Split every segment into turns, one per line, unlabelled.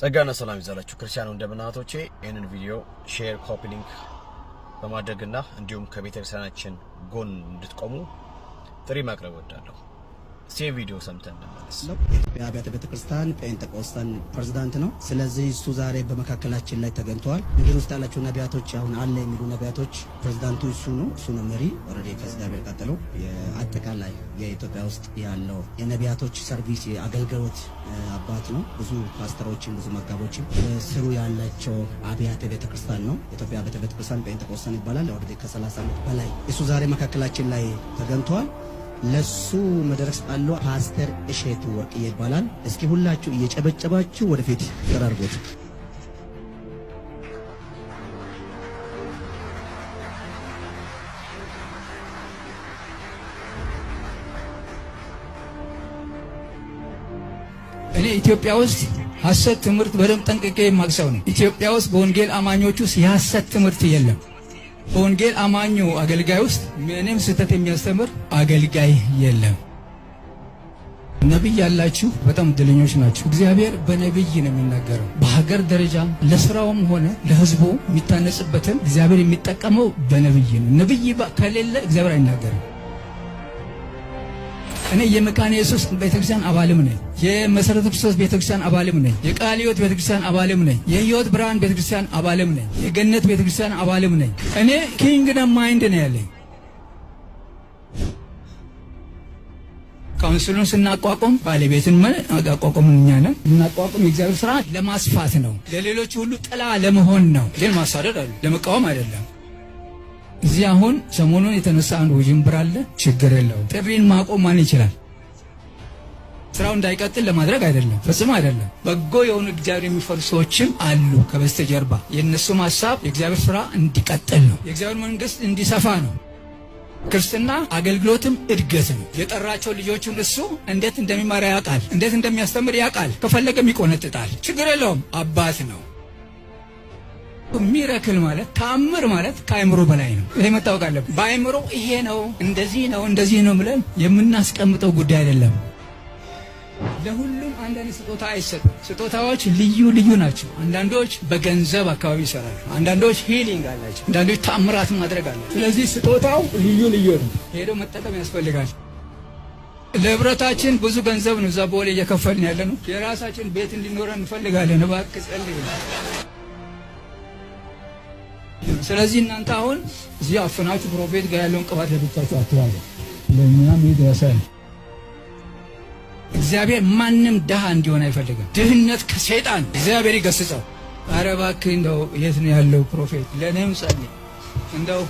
ጸጋና ሰላም ይዛላችሁ ክርስቲያን እንደምናቶቼ ይህንን ቪዲዮ ሼር ኮፒ ሊንክ በማድረግና እንዲሁም ከቤተክርስቲያናችን ጎን እንድትቆሙ ጥሪ ማቅረብ እወዳለሁ። ሴ ቪዲዮ ሰምተን እንመለስ። ኢትዮጵያ አብያተ ቤተክርስቲያን ጴንጤቆስታን ፕሬዚዳንት ነው። ስለዚህ እሱ ዛሬ በመካከላችን ላይ ተገኝተዋል። እንግዲህ ውስጥ ያላቸው ነቢያቶች አሁን አለ የሚሉ ነቢያቶች ፕሬዚዳንቱ እሱ ነው፣ እሱ ነው መሪ ኦልሬዲ ከዚዳቤር ቀጥሎ አጠቃላይ የኢትዮጵያ ውስጥ ያለው የነቢያቶች ሰርቪስ አገልግሎት አባት ነው። ብዙ ፓስተሮችን ብዙ መጋቦችን ስሩ ያላቸው አብያተ ቤተክርስቲያን ነው። ኢትዮጵያ አብያተ ቤተክርስቲያን ጴንጤቆስታን ይባላል። ኦልሬዲ ከ ዓመት በላይ እሱ ዛሬ መካከላችን ላይ ተገኝተዋል። ለሱ መድረስ አለው። ፓስተር እሸቱ ወርቅ ይባላል። እስኪ ሁላችሁ እየጨበጨባችሁ ወደፊት ተራርጉት። እኔ ኢትዮጵያ ውስጥ ሐሰት ትምህርት በደንብ ጠንቅቄ የማቅሰው ነው። ኢትዮጵያ ውስጥ በወንጌል አማኞች ውስጥ የሐሰት ትምህርት የለም። በወንጌል አማኙ አገልጋይ ውስጥ ምንም ስህተት የሚያስተምር አገልጋይ የለም። ነቢይ ያላችሁ በጣም እድለኞች ናችሁ። እግዚአብሔር በነቢይ ነው የሚናገረው። በሀገር ደረጃ ለስራውም ሆነ ለህዝቡ የሚታነጽበትን እግዚአብሔር የሚጠቀመው በነቢይ ነው። ነቢይ ከሌለ እግዚአብሔር አይናገርም። እኔ የመካነ ኢየሱስ ቤተክርስቲያን አባልም ነኝ። የመሰረተ ክርስቶስ ቤተክርስቲያን አባልም ነኝ። የቃለ ሕይወት ቤተክርስቲያን አባልም ነኝ። የህይወት ብርሃን ቤተክርስቲያን አባልም ነኝ። የገነት ቤተክርስቲያን አባልም ነኝ። እኔ ኪንግደም ማይንድ ነው ያለኝ። ካውንስሉን ስናቋቋም ባለቤትን ምን አቋቋም እኛንን እናቋቋም። የእግዚአብሔር ስራ ለማስፋት ነው። ለሌሎች ሁሉ ጥላ ለመሆን ነው። ግን ማሳደድ አሉ ለመቃወም አይደለም። እዚህ አሁን ሰሞኑን የተነሳ አንድ ውዥንብር አለ። ችግር የለው ጥሪን ማቆም ማን ይችላል? ስራው እንዳይቀጥል ለማድረግ አይደለም፣ ፈጽሞ አይደለም። በጎ የሆኑ እግዚአብሔር የሚፈሩ ሰዎችም አሉ ከበስተጀርባ። የእነሱም ሀሳብ የእግዚአብሔር ስራ እንዲቀጥል ነው፣ የእግዚአብሔር መንግስት እንዲሰፋ ነው። ክርስትና አገልግሎትም እድገት ነው። የጠራቸው ልጆቹን እሱ እንዴት እንደሚመራ ያውቃል፣ እንዴት እንደሚያስተምር ያውቃል። ከፈለገም ይቆነጥጣል፣ ችግር የለውም። አባት ነው። ሚረክል ማለት ተአምር ማለት ከአእምሮ በላይ ነው። ይሄ መታወቅ አለብን። በአእምሮ ይሄ ነው እንደዚህ ነው እንደዚህ ነው ብለን የምናስቀምጠው ጉዳይ አይደለም። ለሁሉም አንዳንድ ስጦታ አይሰጥም። ስጦታዎች ልዩ ልዩ ናቸው። አንዳንዶች በገንዘብ አካባቢ ይሰራሉ፣ አንዳንዶች ሂሊንግ አላቸው፣ አንዳንዶች ታምራት ማድረግ አለ። ስለዚህ ስጦታው ልዩ ልዩ ነው። ሄዶ መጠቀም ያስፈልጋል። ለህብረታችን ብዙ ገንዘብ ነው እዛ ቦሌ እየከፈልን ያለ ነው። የራሳችን ቤት እንዲኖረን እንፈልጋለን። እባክህ ጸልይ። ስለዚህ እናንተ አሁን እዚህ አፍናችሁ ፕሮፌት ጋር ያለውን ቅባት ለብቻችሁ አትባሉ። ለእኛም ይድረሰን። እግዚአብሔር ማንም ድሃ እንዲሆን አይፈልግም። ድህነት ከሰይጣን እግዚአብሔር ይገስጸው። አረ እባክህ እንደው የት ነው ያለው ፕሮፌት? ለእኔም ጸልይ እንደው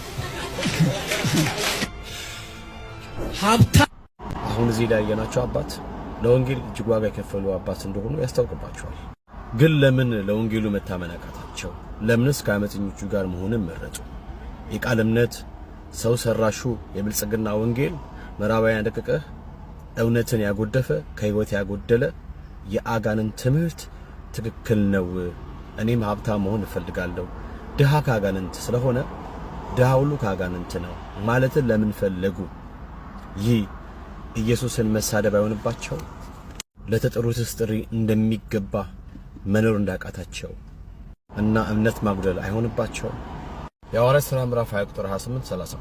ሀብታ አሁን እዚህ ላይ ያየናቸው አባት ለወንጌል እጅግ ዋጋ የከፈሉ አባት እንደሆኑ ያስታውቅባቸዋል። ግን ለምን ለወንጌሉ መታመን አቃታቸው? ናቸው? ለምንስ ከአመፀኞቹ ጋር መሆንን መረጡ? የቃል እምነት ሰው ሰራሹ የብልጽግና ወንጌል ምዕራባውያን ደቀቀ እውነትን ያጎደፈ ከህይወት ያጎደለ የአጋንን ትምህርት ትክክል ነው። እኔም ሀብታም መሆን እፈልጋለሁ። ድሃ ከአጋንንት ስለሆነ ድሃ ሁሉ ከአጋንንት ነው ማለትን ለምን ፈለጉ? ይህ ኢየሱስን መሳደብ አይሆንባቸው? ለተጠሩትስ ጥሪ እንደሚገባ መኖር እንዳቃታቸው እና እምነት ማጉደል አይሆንባቸውም። የሐዋርያት ሥራ ምዕራፍ 20 ቁጥር 28 30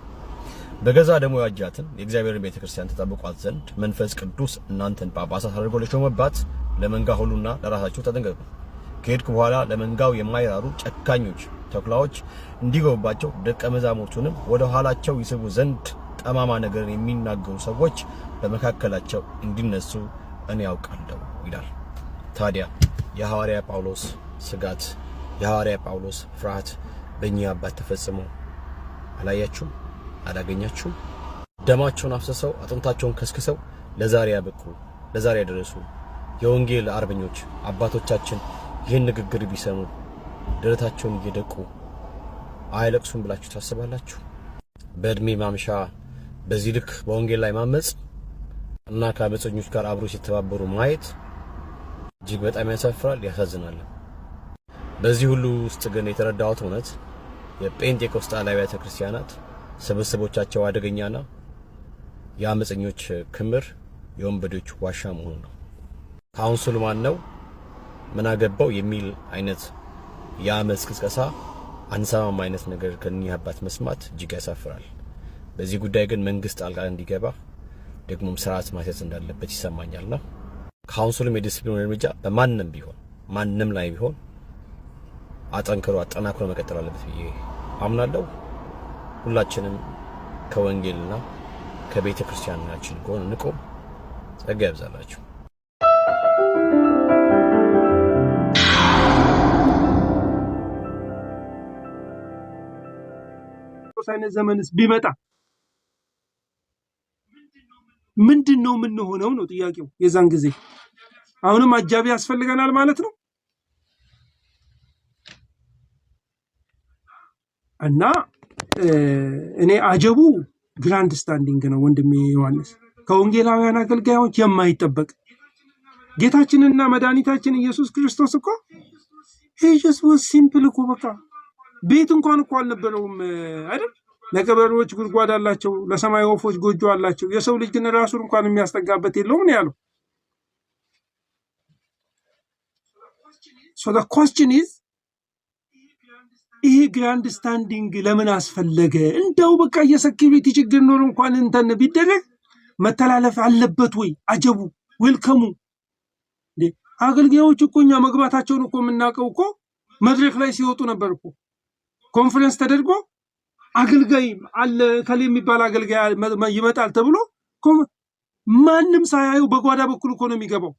በገዛ ደሙ ያጃትን የእግዚአብሔርን ቤተ ክርስቲያን ተጠብቋት ዘንድ መንፈስ ቅዱስ እናንተን ጳጳሳት አድርጎ ለሾመባት ለመንጋ ሁሉና ለራሳችሁ ተጠንቀቁ። ከሄድኩ በኋላ ለመንጋው የማይራሩ ጨካኞች ተኩላዎች እንዲገቡባቸው ደቀ መዛሙርቱንም ወደ ኋላቸው ይስቡ ዘንድ ጠማማ ነገርን የሚናገሩ ሰዎች በመካከላቸው እንዲነሱ እኔ ያውቃለሁ ይላል። ታዲያ የሐዋርያ ጳውሎስ ስጋት የሐዋርያ ጳውሎስ ፍርሃት በእኚህ አባት ተፈጽሞ አላያችሁም? አላገኛችሁም? ደማቸውን አፍስሰው አጥንታቸውን ከስክሰው ለዛሬ ያበቁ ለዛሬ ያደረሱ የወንጌል አርበኞች አባቶቻችን ይህን ንግግር ቢሰሙ ደረታቸውን እየደቁ አይለቅሱም ብላችሁ ታስባላችሁ? በእድሜ ማምሻ በዚህ ልክ በወንጌል ላይ ማመፅ እና ከአመፀኞች ጋር አብሮ ሲተባበሩ ማየት እጅግ በጣም ያሳፍራል፣ ያሳዝናል። በዚህ ሁሉ ውስጥ ግን የተረዳሁት እውነት የጴንጤኮስታል አብያተ ክርስቲያናት ስብስቦቻቸው አደገኛና የአመፀኞች ክምር፣ የወንበዶች ዋሻ መሆኑ ነው። ካውንስሉ ማን ነው ምን አገባው የሚል አይነት የአመፅ ቅስቀሳ አንሰማም አይነት ነገር ከእኒህ አባት መስማት እጅግ ያሳፍራል። በዚህ ጉዳይ ግን መንግስት ጣልቃ እንዲገባ ደግሞም ስርዓት ማስያዝ እንዳለበት ይሰማኛልና ካውንስሉም የዲስፕሊን እርምጃ በማንም ቢሆን ማንም ላይ ቢሆን አጠንክሮ አጠናክሮ መቀጠል አለበት ብዬ አምናለሁ። ሁላችንም ከወንጌልና ከቤተ ክርስቲያናችን ጎን ንቆ ጸጋ ያብዛላችሁ። አይነት ዘመንስ ቢመጣ ምንድን ነው የምንሆነው ነው ጥያቄው። የዛን ጊዜ አሁንም አጃቢ ያስፈልገናል ማለት ነው። እና እኔ አጀቡ ግራንድ ስታንዲንግ ነው ወንድሜ ዮሐንስ ከወንጌላውያን አገልጋዮች የማይጠበቅ ጌታችንና መድኃኒታችን ኢየሱስ ክርስቶስ እኮ ኢየሱስ ዋዝ ሲምፕል እኮ በቃ ቤት እንኳን እኮ አልነበረውም አይደል ለገበሬዎች ጉድጓድ አላቸው ለሰማይ ወፎች ጎጆ አላቸው የሰው ልጅ ግን ራሱን እንኳን የሚያስጠጋበት የለውም ነው ያለው ሶ ኮስችን ኢዝ ይህ ግራንድ ስታንዲንግ ለምን አስፈለገ? እንደው በቃ የሴኪሪቲ ችግር ኖሮ እንኳን እንተን ቢደረግ መተላለፍ አለበት ወይ? አጀቡ ዌልከሙ። አገልጋዮች እኮ እኛ መግባታቸውን እኮ የምናውቀው እኮ መድረክ ላይ ሲወጡ ነበር እኮ ኮንፈረንስ ተደርጎ አገልጋይ አለ ከሌ የሚባል አገልጋይ ይመጣል ተብሎ ማንም ሳያዩ በጓዳ በኩል እኮ ነው የሚገባው።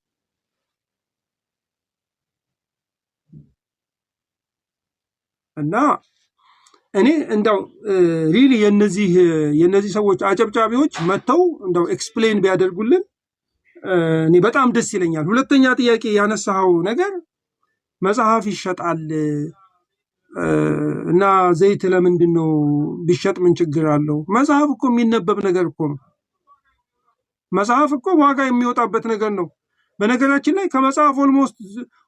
እና እኔ እንደው ሪሊ የነዚህ የነዚህ ሰዎች አጨብጫቢዎች መጥተው እንደው ኤክስፕሌን ቢያደርጉልን እኔ በጣም ደስ ይለኛል። ሁለተኛ ጥያቄ ያነሳኸው ነገር መጽሐፍ ይሸጣል እና ዘይት ለምንድን ነው ቢሸጥ ምን ችግር አለው? መጽሐፍ እኮ የሚነበብ ነገር እኮ ነው። መጽሐፍ እኮ ዋጋ የሚወጣበት ነገር ነው። በነገራችን ላይ ከመጽሐፍ ኦልሞስት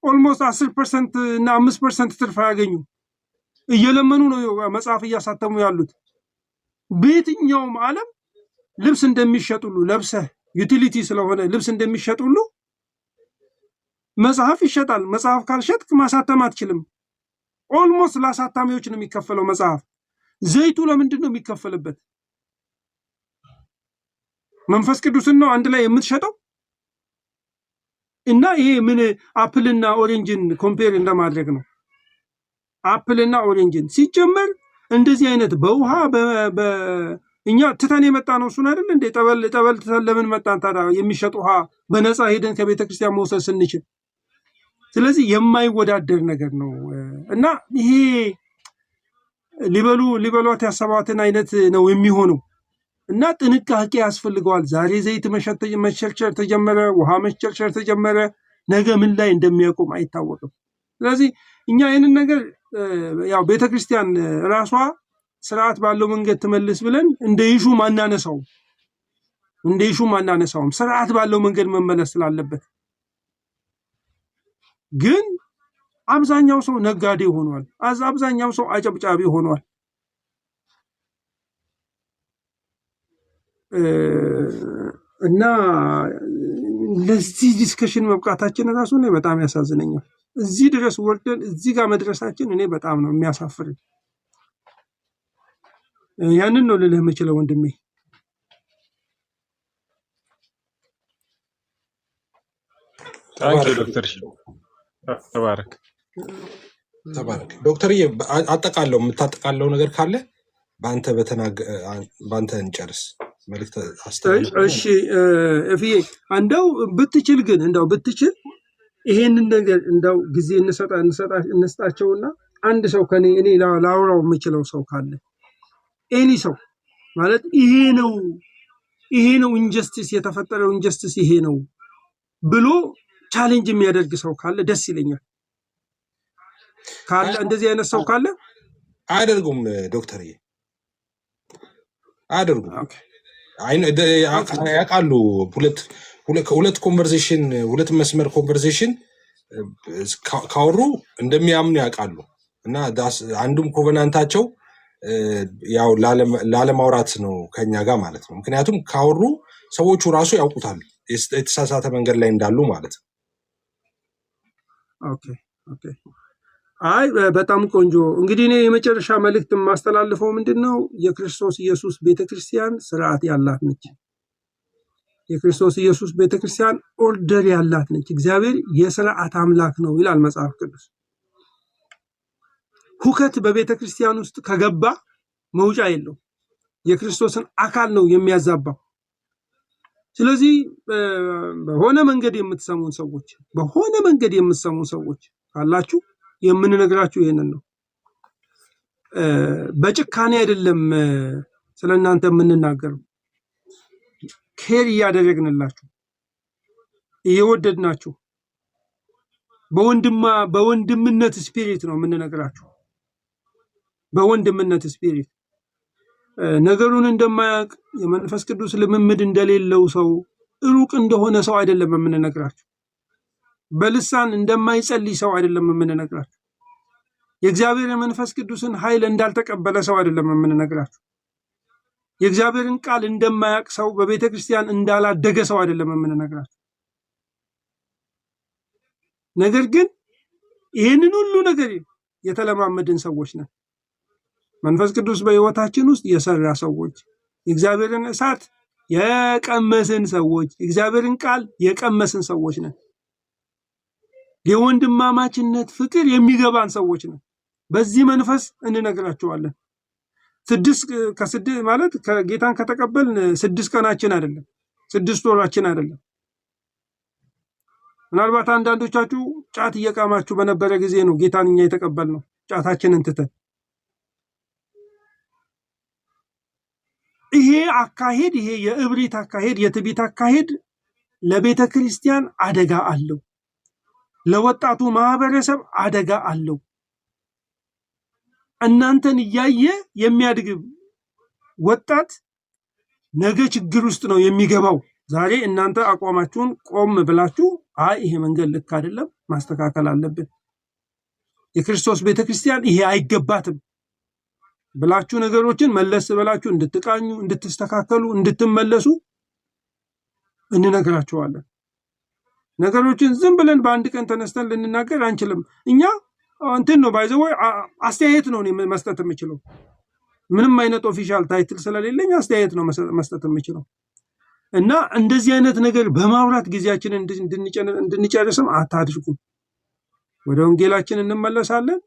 ኦልሞስት አስር ፐርሰንት እና አምስት ፐርሰንት ትርፍ አያገኙ እየለመኑ ነው መጽሐፍ እያሳተሙ ያሉት። በየትኛውም ዓለም ልብስ እንደሚሸጡሉ ለብሰህ ዩቲሊቲ ስለሆነ ልብስ እንደሚሸጡሉ? መጽሐፍ ይሸጣል። መጽሐፍ ካልሸጥክ ማሳተም አትችልም። ኦልሞስት ለአሳታሚዎች ነው የሚከፈለው መጽሐፍ። ዘይቱ ለምንድን ነው የሚከፈልበት? መንፈስ ቅዱስን ነው አንድ ላይ የምትሸጠው። እና ይሄ ምን አፕልና ኦሬንጅን ኮምፔር እንደማድረግ ነው። አፕልና ኦሬንጅን ሲጀመር እንደዚህ አይነት በውሃ እኛ ትተን የመጣ ነው እሱን አይደል እንደ ጠበል ጠበል ትተን ለምን መጣን ታዲያ? የሚሸጥ ውሃ በነፃ ሄደን ከቤተ ክርስቲያን መውሰድ ስንችል። ስለዚህ የማይወዳደር ነገር ነው እና ይሄ ሊበሉ ሊበሏት ያሰባትን አይነት ነው የሚሆነው እና ጥንቃቄ ያስፈልገዋል። ዛሬ ዘይት መሸርሸር ተጀመረ፣ ውሃ መሸርሸር ተጀመረ፣ ነገ ምን ላይ እንደሚያቆም አይታወቅም። ስለዚህ እኛ ይህንን ነገር ያው ቤተ ክርስቲያን ራሷ ስርዓት ባለው መንገድ ትመልስ ብለን እንደ ይሹ ማናነሳው እንደ ይሹ ማናነሳውም ስርዓት ባለው መንገድ መመለስ ስላለበት፣ ግን አብዛኛው ሰው ነጋዴ ሆኗል። አብዛኛው ሰው አጨብጫቢ ሆኗል። እና ለዚህ ዲስከሽን መብቃታችን ራሱ በጣም ያሳዝነኛል። እዚህ ድረስ ወርደን እዚህ ጋር መድረሳችን እኔ በጣም ነው የሚያሳፍርን። ያንን ነው ልልህ የምችለው ወንድሜ።
ዶክተር ተባረክ ተባረክ። ዶክተርዬ አጠቃለው የምታጠቃለው ነገር ካለ በአንተ በአንተ እንጨርስ። መልዕክት አስተላልፍ። እሺ
እፍዬ እንደው ብትችል ግን እንደው ብትችል ይሄንን ነገር እንደው ጊዜ እንስጣቸውና አንድ ሰው ከኔ እኔ ላውራው የምችለው ሰው ካለ ኤኒ ሰው ማለት ይሄ ነው ይሄ ነው ኢንጀስቲስ የተፈጠረው ኢንጀስቲስ ይሄ ነው ብሎ ቻሌንጅ የሚያደርግ ሰው ካለ ደስ ይለኛል። ካለ እንደዚህ አይነት ሰው ካለ
አያደርጉም። ዶክተርዬ አያደርጉም፣ ያውቃሉ ሁለት ሁለት ኮንቨርዜሽን ሁለት መስመር ኮንቨርሴሽን ካወሩ እንደሚያምኑ ያውቃሉ እና አንዱም ኮቨናንታቸው ያው ላለማውራት ነው ከኛ ጋር ማለት ነው። ምክንያቱም ካወሩ ሰዎቹ ራሱ ያውቁታል የተሳሳተ መንገድ ላይ እንዳሉ ማለት ነው።
ኦኬ ኦኬ። አይ በጣም ቆንጆ። እንግዲህ እኔ የመጨረሻ መልእክት የማስተላልፈው ምንድን ነው፣ የክርስቶስ ኢየሱስ ቤተክርስቲያን ስርዓት ያላት ነች። የክርስቶስ ኢየሱስ ቤተክርስቲያን ኦርደር ያላት ነች። እግዚአብሔር የስርዓት አምላክ ነው ይላል መጽሐፍ ቅዱስ። ሁከት በቤተ ክርስቲያን ውስጥ ከገባ መውጫ የለው። የክርስቶስን አካል ነው የሚያዛባው። ስለዚህ በሆነ መንገድ የምትሰሙን ሰዎች በሆነ መንገድ የምትሰሙን ሰዎች ካላችሁ የምንነግራችሁ ይህንን ነው። በጭካኔ አይደለም ስለ እናንተ የምንናገረው ኬር እያደረግንላችሁ እየወደድናችሁ በወንድማ በወንድምነት ስፒሪት ነው የምንነግራችሁ። በወንድምነት ስፒሪት ነገሩን እንደማያውቅ የመንፈስ ቅዱስ ልምምድ እንደሌለው ሰው ሩቅ እንደሆነ ሰው አይደለም የምንነግራችሁ። በልሳን እንደማይጸልይ ሰው አይደለም የምንነግራችሁ። የእግዚአብሔር የመንፈስ ቅዱስን ኃይል እንዳልተቀበለ ሰው አይደለም የምንነግራችሁ። የእግዚአብሔርን ቃል እንደማያቅ ሰው በቤተ ክርስቲያን እንዳላደገ ሰው አይደለም የምንነግራቸው። ነገር ግን ይህንን ሁሉ ነገር የተለማመድን ሰዎች ነን። መንፈስ ቅዱስ በሕይወታችን ውስጥ የሰራ ሰዎች፣ የእግዚአብሔርን እሳት የቀመስን ሰዎች፣ የእግዚአብሔርን ቃል የቀመስን ሰዎች ነን። የወንድማማችነት ፍቅር የሚገባን ሰዎች ነን። በዚህ መንፈስ እንነግራቸዋለን። ስድስት ከስድስት ማለት ከጌታን ከተቀበልን ስድስት ቀናችን አይደለም፣ ስድስት ወራችን አይደለም። ምናልባት አንዳንዶቻችሁ ጫት እየቃማችሁ በነበረ ጊዜ ነው ጌታን እኛ የተቀበልነው ጫታችንን ትተን። ይሄ አካሄድ ይሄ የእብሪት አካሄድ የትቢት አካሄድ ለቤተ ክርስቲያን አደጋ አለው፣ ለወጣቱ ማህበረሰብ አደጋ አለው። እናንተን እያየ የሚያድግ ወጣት ነገ ችግር ውስጥ ነው የሚገባው። ዛሬ እናንተ አቋማችሁን ቆም ብላችሁ አይ ይሄ መንገድ ልክ አይደለም፣ ማስተካከል አለብን፣ የክርስቶስ ቤተ ክርስቲያን ይሄ አይገባትም ብላችሁ ነገሮችን መለስ ብላችሁ እንድትቃኙ፣ እንድትስተካከሉ፣ እንድትመለሱ እንነግራችኋለን። ነገሮችን ዝም ብለን በአንድ ቀን ተነስተን ልንናገር አንችልም እኛ እንትን ነው ባይዘው አስተያየት ነው መስጠት የምችለው። ምንም አይነት ኦፊሻል ታይትል ስለሌለኝ አስተያየት ነው መስጠት የምችለው እና እንደዚህ አይነት ነገር በማውራት ጊዜያችንን እንድንጨርስም አታድርጉም። ወደ ወንጌላችን እንመለሳለን።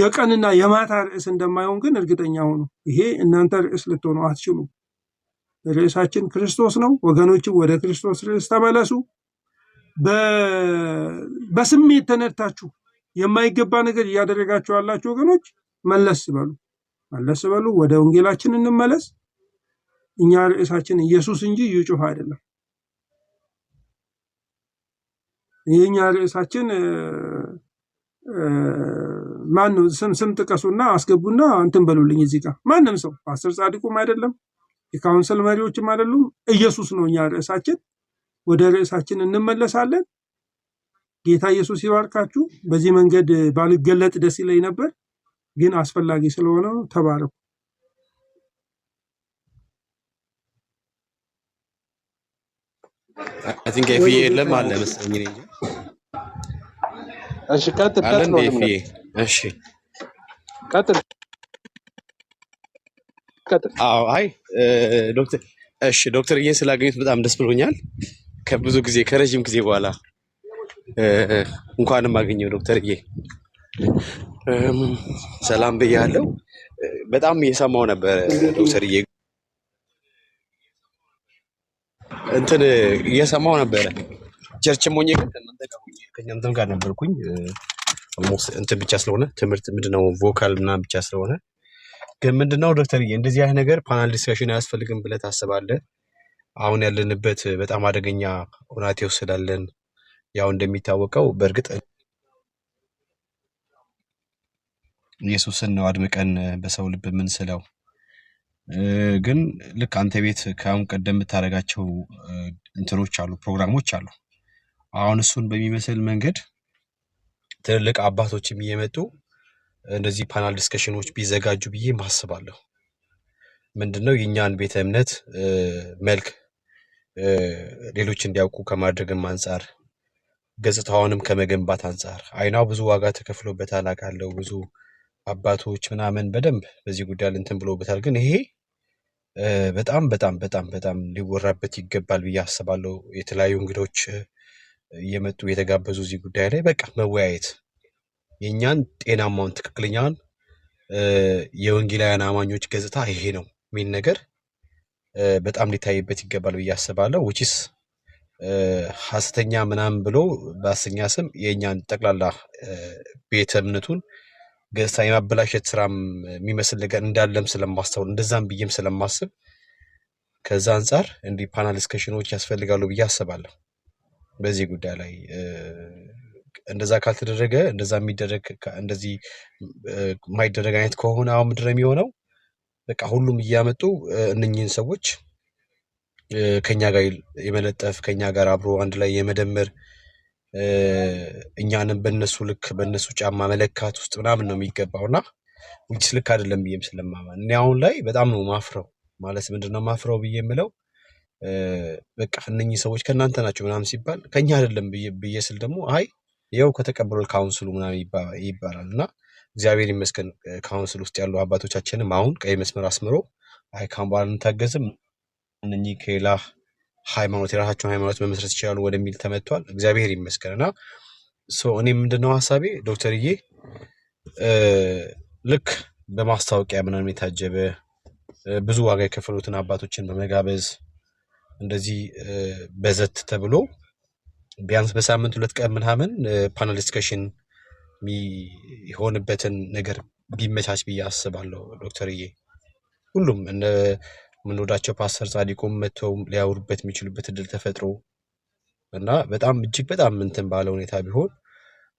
የቀንና የማታ ርዕስ እንደማይሆን ግን እርግጠኛ ሆኑ። ይሄ እናንተ ርዕስ ልትሆኑ አትችሉ ርዕሳችን ክርስቶስ ነው። ወገኖችም ወደ ክርስቶስ ርዕስ ተመለሱ። በስሜት ተነድታችሁ የማይገባ ነገር እያደረጋችሁ ያላችሁ ወገኖች መለስ በሉ፣ መለስ በሉ። ወደ ወንጌላችን እንመለስ። እኛ ርዕሳችን ኢየሱስ እንጂ ይጩህ አይደለም። የእኛ ርዕሳችን ማን ነው? ስም ስም ጥቀሱና አስገቡና እንትን በሉልኝ። እዚህ ጋር ማንም ሰው ፓስተር ጻድቁም አይደለም የካውንስል መሪዎችም አይደሉም። ኢየሱስ ነው እኛ ርዕሳችን። ወደ ርዕሳችን እንመለሳለን። ጌታ ኢየሱስ ይባርካችሁ። በዚህ መንገድ ባልገለጥ ደስ ይለኝ ነበር፣ ግን አስፈላጊ ስለሆነ ተባረኩ።
e የለም አለ መሰለኝ e እሺ ቀጥል ቀጥል ነው እሺ ቀጥል ቀጥል። አይ ዶክተር እሺ ዶክተር እየን ስላገኙት በጣም ደስ ብሎኛል። ከብዙ ጊዜ ከረዥም ጊዜ በኋላ እንኳንም አገኘው ዶክተርዬ፣ ሰላም ብያለሁ። በጣም እየሰማው ነበር ዶክተርዬ እንትን እየሰማው ነበረ። ቸርችም ሆኜ ከእናንተም ጋር ነበርኩኝ። እንትን ብቻ ስለሆነ ትምህርት ምንድነው ቮካል ምናምን ብቻ ስለሆነ ግን ምንድነው ዶክተርዬ እንደዚህ አይነት ነገር ፓናል ዲስካሽን አያስፈልግም ብለህ ታስባለህ? አሁን ያለንበት በጣም አደገኛ ሁናቴ ውስጥ ስላለን ያው እንደሚታወቀው በእርግጥ ኢየሱስን ነው አድምቀን በሰው ልብ የምንስለው። ግን ልክ አንተ ቤት ከአሁን ቀደም የምታደርጋቸው እንትኖች አሉ፣ ፕሮግራሞች አሉ። አሁን እሱን በሚመስል መንገድ ትልልቅ አባቶችም እየመጡ እንደዚህ ፓናል ዲስከሽኖች ቢዘጋጁ ብዬ ማስባለሁ። ምንድነው የእኛን ቤተ እምነት መልክ ሌሎች እንዲያውቁ ከማድረግም አንጻር ገጽታዋንም ከመገንባት አንጻር አይናው ብዙ ዋጋ ተከፍሎበታል አውቃለሁ። ብዙ አባቶች ምናምን በደንብ በዚህ ጉዳይ እንትን ብሎበታል። ግን ይሄ በጣም በጣም በጣም በጣም ሊወራበት ይገባል ብዬ አስባለሁ። የተለያዩ እንግዶች እየመጡ የተጋበዙ እዚህ ጉዳይ ላይ በቃ መወያየት የእኛን ጤናማውን ትክክለኛውን የወንጌላውያን አማኞች ገጽታ ይሄ ነው የሚል ነገር በጣም ሊታይበት ይገባል ብዬ አስባለሁ። ውቺስ ሐሰተኛ ምናምን ብሎ በሐሰተኛ ስም የእኛን ጠቅላላ ቤተ እምነቱን ገጽታ የማበላሸት ስራም የሚመስል ነገር እንዳለም ስለማስታውል እንደዛም ብዬም ስለማስብ ከዛ አንጻር እንዲህ ፓናል ዲስከሽኖች ያስፈልጋሉ ብዬ አስባለሁ። በዚህ ጉዳይ ላይ እንደዛ ካልተደረገ እንደዛ የሚደረግ እንደዚህ የማይደረግ አይነት ከሆነ አሁን ምድር የሚሆነው በቃ ሁሉም እያመጡ እነኝህን ሰዎች ከኛ ጋር የመለጠፍ ከኛ ጋር አብሮ አንድ ላይ የመደመር እኛንም በነሱ ልክ በነሱ ጫማ መለካት ውስጥ ምናምን ነው የሚገባው እና ውጭ ልክ አይደለም ብዬም ስለማማን እኔ አሁን ላይ በጣም ነው ማፍረው። ማለት ምንድነው ማፍረው ብዬ የምለው በቃ እነኚህ ሰዎች ከእናንተ ናቸው ምናምን ሲባል ከኛ አይደለም ብዬ ስል ደግሞ አይ ያው ከተቀበሉት ካውንስሉ ምናምን ይባላል እና እግዚአብሔር ይመስገን ካውንስል ውስጥ ያሉ አባቶቻችንም አሁን ቀይ መስመር አስምሮ አይ ካምባል እንታገዝም እነኚህ ከሌላ ሃይማኖት የራሳቸውን ሃይማኖት መመስረት ይችላሉ ወደሚል ተመቷል። እግዚአብሔር ይመስገን እና እኔ ምንድነው ሀሳቤ ዶክተርዬ ልክ በማስታወቂያ ምናምን የታጀበ ብዙ ዋጋ የከፈሉትን አባቶችን በመጋበዝ እንደዚህ በዘት ተብሎ ቢያንስ በሳምንት ሁለት ቀን ምናምን ፓነል ዲስከሽን የሆንበትን ነገር ቢመቻች ብዬ አስባለሁ ዶክተርዬ ሁሉም የምንወዳቸው ፓስተር ጻዲቁም መጥተው ሊያወሩበት የሚችሉበት እድል ተፈጥሮ እና በጣም እጅግ በጣም ምንትን ባለ ሁኔታ ቢሆን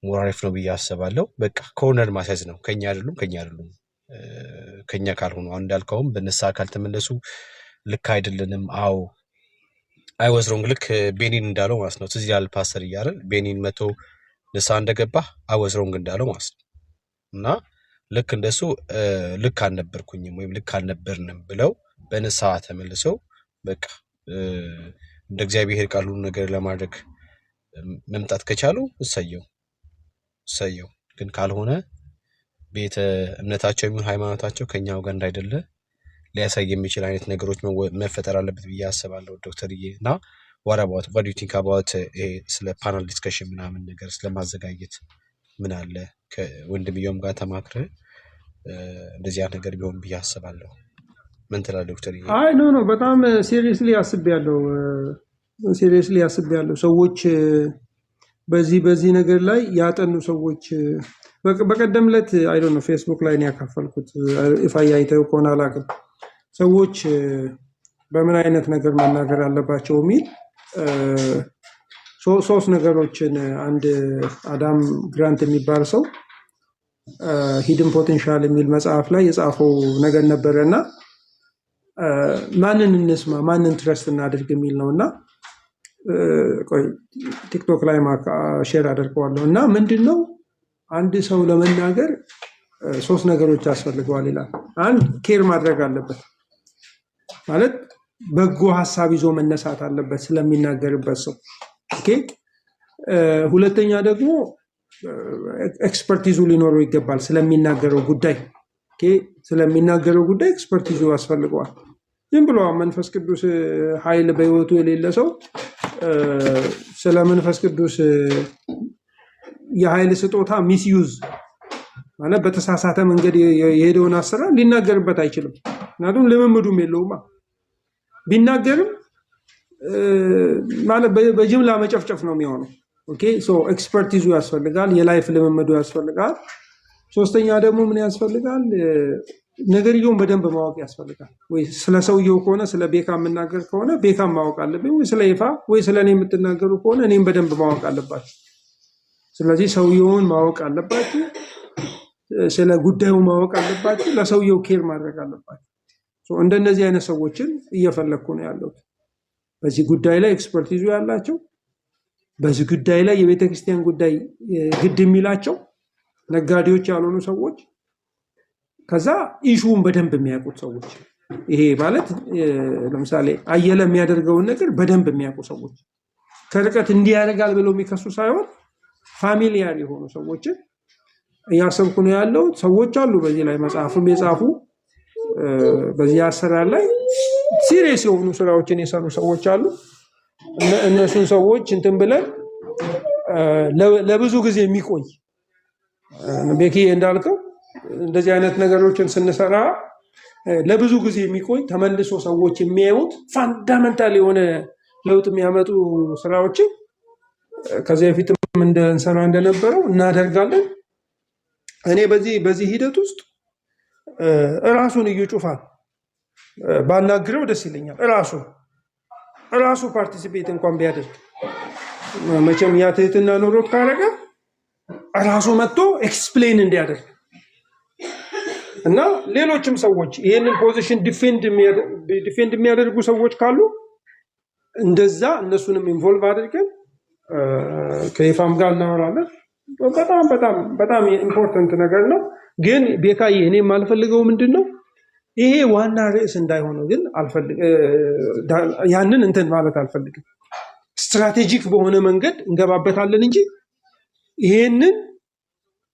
ሞራሪፍ ነው ብዬ አስባለሁ። በቃ ኮርነር ማስያዝ ነው። ከኛ አይደሉም ከኛ አይደሉም ከኛ ካልሆኑ አሁን እንዳልከውም በነሳ ካልተመለሱ ልክ አይደለንም። አዎ አይወዝሮንግ ልክ ቤኒን እንዳለው ማለት ነው። ትዝ ይላል ፓስተር እያለን ቤኒን መቶ ንሳ እንደገባ አይወዝሮንግ እንዳለው ማለት ነው እና ልክ እንደሱ ልክ አልነበርኩኝም ወይም ልክ አልነበርንም ብለው በንስሐ ተመልሰው በቃ እንደ እግዚአብሔር ቃሉ ነገር ለማድረግ መምጣት ከቻሉ እሰየው እሰየው። ግን ካልሆነ ቤተ እምነታቸው የሚሆን ሃይማኖታቸው ከእኛ ወገን እንዳይደለ ሊያሳይ የሚችል አይነት ነገሮች መፈጠር አለበት ብዬ አስባለሁ። ዶክተርዬ እና ዋራባት ቫዲቲንክ አባት ስለ ፓናል ዲስከሽን ምናምን ነገር ስለማዘጋጀት ምን አለ? ከወንድምየውም ጋር ተማክረ እንደዚያ ነገር ቢሆን ብዬ አስባለሁ። ምን ትላለህ ዶክተር? አይ ኖ ኖ በጣም
ሲሪየስሊ አስቤያለሁ። ሲሪየስሊ አስቤያለሁ። ሰዎች በዚህ በዚህ ነገር ላይ ያጠኑ ሰዎች በቀደም ዕለት አይ ነው ፌስቡክ ላይ ነው ያካፈልኩት። ኢፋያ አይተው ከሆነ አላውቅም። ሰዎች በምን አይነት ነገር መናገር አለባቸው የሚል ሶስት ነገሮችን አንድ አዳም ግራንት የሚባል ሰው ሂድን ፖቴንሻል የሚል መጽሐፍ ላይ የጻፈው ነገር ነበረ እና ማንን እንስማ ማንን ትረስት እናደርግ የሚል ነው እና ቲክቶክ ላይ ሼር አደርገዋለሁ እና ምንድን ነው አንድ ሰው ለመናገር ሶስት ነገሮች ያስፈልገዋል ይላል። አንድ ኬር ማድረግ አለበት ማለት በጎ ሀሳብ ይዞ መነሳት አለበት ስለሚናገርበት ሰው። ሁለተኛ ደግሞ ኤክስፐርቲዙ ሊኖረው ይገባል ስለሚናገረው ጉዳይ ስለሚናገረው ጉዳይ ኤክስፐርቲዙ ያስፈልገዋል። ዝም ብሎ መንፈስ ቅዱስ ኃይል በህይወቱ የሌለ ሰው ስለ መንፈስ ቅዱስ የኃይል ስጦታ ሚስዩዝ ማለት በተሳሳተ መንገድ የሄደውን አሰራር ሊናገርበት አይችልም። ምክንያቱም ልምምዱም የለውማ። ቢናገርም ማለት በጅምላ መጨፍጨፍ ነው የሚሆነው። ኦኬ ሶ ኤክስፐርቲዙ ያስፈልጋል፣ የላይፍ ልምምዱ ያስፈልጋል። ሶስተኛ ደግሞ ምን ያስፈልጋል? ነገርየውን በደንብ ማወቅ ያስፈልጋል። ወይ ስለ ሰውየው ከሆነ ስለ ቤካ የምናገር ከሆነ ቤካ ማወቅ አለብኝ፣ ወይ ስለ ይፋ ወይ ስለ እኔ የምትናገሩ ከሆነ እኔም በደንብ ማወቅ አለባችሁ። ስለዚህ ሰውየውን ማወቅ አለባችሁ፣ ስለ ጉዳዩ ማወቅ አለባችሁ፣ ለሰውየው ኬር ማድረግ አለባችሁ። እንደነዚህ አይነት ሰዎችን እየፈለግኩ ነው ያለሁት። በዚህ ጉዳይ ላይ ኤክስፐርቲዙ ያላቸው፣ በዚህ ጉዳይ ላይ የቤተክርስቲያን ጉዳይ ግድ የሚላቸው ነጋዴዎች ያልሆኑ ሰዎች፣ ከዛ ኢሹውን በደንብ የሚያውቁት ሰዎች። ይሄ ማለት ለምሳሌ አየለ የሚያደርገውን ነገር በደንብ የሚያውቁ ሰዎች፣ ከርቀት እንዲህ ያደርጋል ብለው የሚከሱ ሳይሆን ፋሚሊያር የሆኑ ሰዎችን እያሰብኩ ነው ያለው። ሰዎች አሉ በዚህ ላይ መጽሐፍም የጻፉ በዚህ አሰራር ላይ ሲሪየስ የሆኑ ስራዎችን የሰሩ ሰዎች አሉ። እነሱን ሰዎች እንትን ብለን ለብዙ ጊዜ የሚቆይ ቤኪ እንዳልከው እንደዚህ አይነት ነገሮችን ስንሰራ ለብዙ ጊዜ የሚቆይ ተመልሶ ሰዎች የሚያዩት ፋንዳመንታል የሆነ ለውጥ የሚያመጡ ስራዎችን ከዚህ በፊትም እንደንሰራ እንደነበረው እናደርጋለን። እኔ በዚህ በዚህ ሂደት ውስጥ እራሱን እዩ ጩፋን ባናግረው ደስ ይለኛል። እራሱ እራሱ ፓርቲሲፔት እንኳን ቢያደርግ መቼም ያ ትህትና ኖሮት ካረገ ራሱ መጥቶ ኤክስፕሌን እንዲያደርግ እና ሌሎችም ሰዎች ይህንን ፖዚሽን ዲፌንድ የሚያደርጉ ሰዎች ካሉ እንደዛ እነሱንም ኢንቮልቭ አድርገን ከይፋም ጋር እናወራለን። በጣም በጣም በጣም ኢምፖርተንት ነገር ነው። ግን ቤካዬ እኔ የማልፈልገው ምንድን ነው ይሄ ዋና ርዕስ እንዳይሆነው ግን ያንን እንትን ማለት አልፈልግም። ስትራቴጂክ በሆነ መንገድ እንገባበታለን እንጂ ይሄንን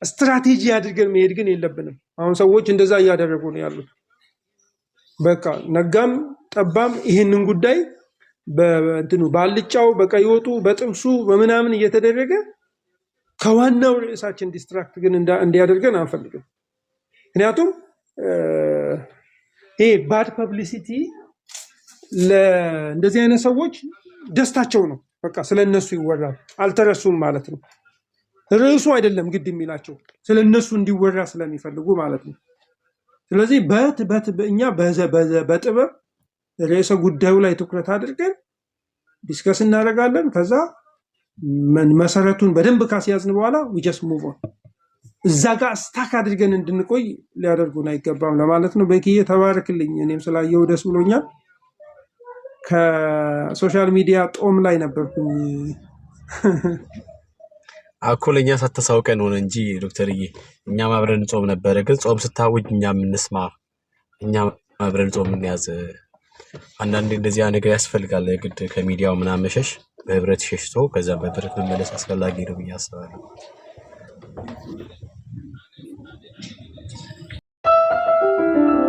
ስትራቴጂ አድርገን መሄድ ግን የለብንም። አሁን ሰዎች እንደዛ እያደረጉ ነው ያሉት። በቃ ነጋም ጠባም ይህንን ጉዳይ በእንትኑ በአልጫው በቀይ ወጡ፣ በጥብሱ፣ በምናምን እየተደረገ ከዋናው ርዕሳችን ዲስትራክት ግን እንዲያደርገን አንፈልግም። ምክንያቱም ይሄ ባድ ፐብሊሲቲ ለእንደዚህ አይነት ሰዎች ደስታቸው ነው። በቃ ስለነሱ ይወራል፣ አልተረሱም ማለት ነው። ርዕሱ አይደለም ግድ የሚላቸው ስለ እነሱ እንዲወራ ስለሚፈልጉ ማለት ነው። ስለዚህ በት በት እኛ በጥበብ ርዕሰ ጉዳዩ ላይ ትኩረት አድርገን ዲስከስ እናደርጋለን። ከዛ መሰረቱን በደንብ ካስያዝን በኋላ ዊጀስ ሙቭ ኦን እዛ ጋር ስታክ አድርገን እንድንቆይ ሊያደርጉን አይገባም ለማለት ነው። በኪዬ ተባረክልኝ። እኔም ስላየው ደስ ብሎኛል። ከሶሻል ሚዲያ ጦም ላይ ነበርኩኝ።
አኮለኛ ሳታሳውቀን ሆነ እንጂ ዶክተርዬ፣ እኛም አብረን ጾም ነበረ። ግን ጾም ስታውጅ እኛም እንስማ፣ እኛ አብረን ጾም እንያዝ። አንዳንዴ እንደዚያ ነገር ያስፈልጋል። ግድ ከሚዲያው ምናምን መሸሽ፣ በህብረት ሸሽቶ ከዛ በህብረት መመለስ አስፈላጊ ነው ብዬ አስባለሁ። Thank